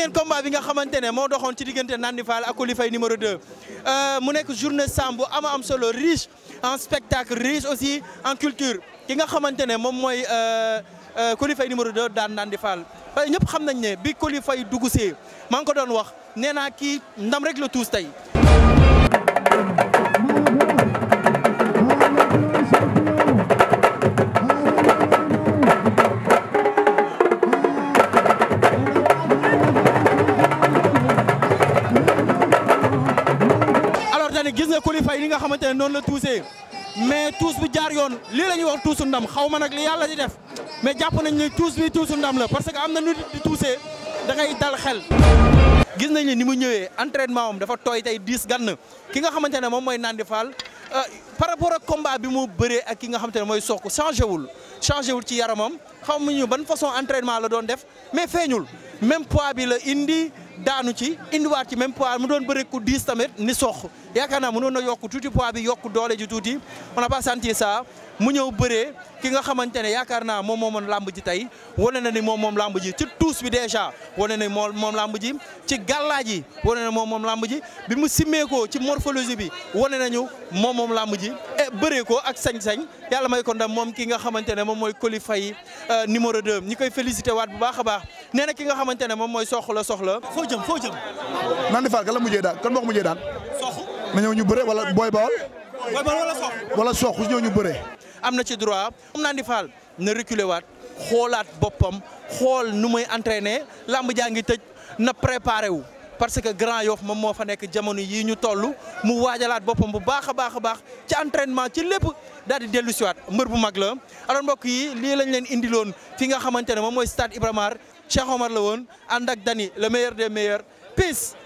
ngeen combat bi nga xamante ne moo doxoon ci diggante Nandi Fall ak Coly Faye numéro 2 euh, mu nekk jurne Sam bu ama am solo riche en spectacle riche aussi en culture ki nga xamante ne moom mooy euh, euh, Coly Faye numéro 2 daan Nandi Fall ñëpp xam nañ ne bi Coly Faye dugg see maa ngi ko doon wax nee naa kii ndam rek la tuus tey gis nga Coly Faye li nga xamante ne noonu la tuusee mais tuus bu jaar yoon lii la ñuy wax tuusu ndam xaw ma nag li yàlla di def mais jàpp nañ ne tuus bi tuusu ndam la parce que da ngay dal xel. gis nañ ne ni mu ñëwee entraînement am dafa tooy tey diis gann ki nga xamante ne moom mooy Nandi Fall euh, par rapport a combat bi mu bëree ak ki nga xamante ne mooy Sokh changé wul changé wul ci yaramam xamuñu ban façon entraînement la doon def mais feeñul même poids bi la indi. daanu ci indiwaat ci même poids mu doon bëre ku diis tamit ni sox yaakaar naa mënoon na yokk tuuti pois bi yokk doole ji tuuti on n'a pas senti ça mu ñëw bëree ki nga xamante ne yaakaar naa moom moomoon làmb ji tey wane na ni moom moom làmb ji ci tuus bi déjà wane na moom moom làmb ji ci gàllaa ji wane na moom moom làmb ji bi mu simmeekoo ci morphologie bi wane nañu moom moom làmb ji e bëree ko ak sañ-sañ yàlla may kon ndam moom ki nga xamante ne moom mooy Coly Faye euh, numéro 2 ñi koy félicité waat bu baax a baax nee na ki nga xamante ne moom mooy soxla la soxla. foo jëm foo jëm. naan di faal kan la mujjee daan kan moo ko mujjee daan. soxla na ñëw ñu bëre wala booy bawal. booy bawal wala soxla. wala soxla ñëw ñu bëre. am na ci droit naan di faal na reculer waat xoolaat boppam xool nu muy entraîner làmb jaa ngi tëj na préparé wu. parce que Grand Yoff moom moo fa nekk jamono yii ñu toll mu waajalaat boppam bu baax a baax a baax ci entraînement ci lépp daal di dellu siwaat mbër bu mag la alors mbokk yi lii lañ leen indiloon fi nga xamante ne moom mooy stade Iba Cheikh Omar la woon ànd ak Dany le meilleur des meilleurs peace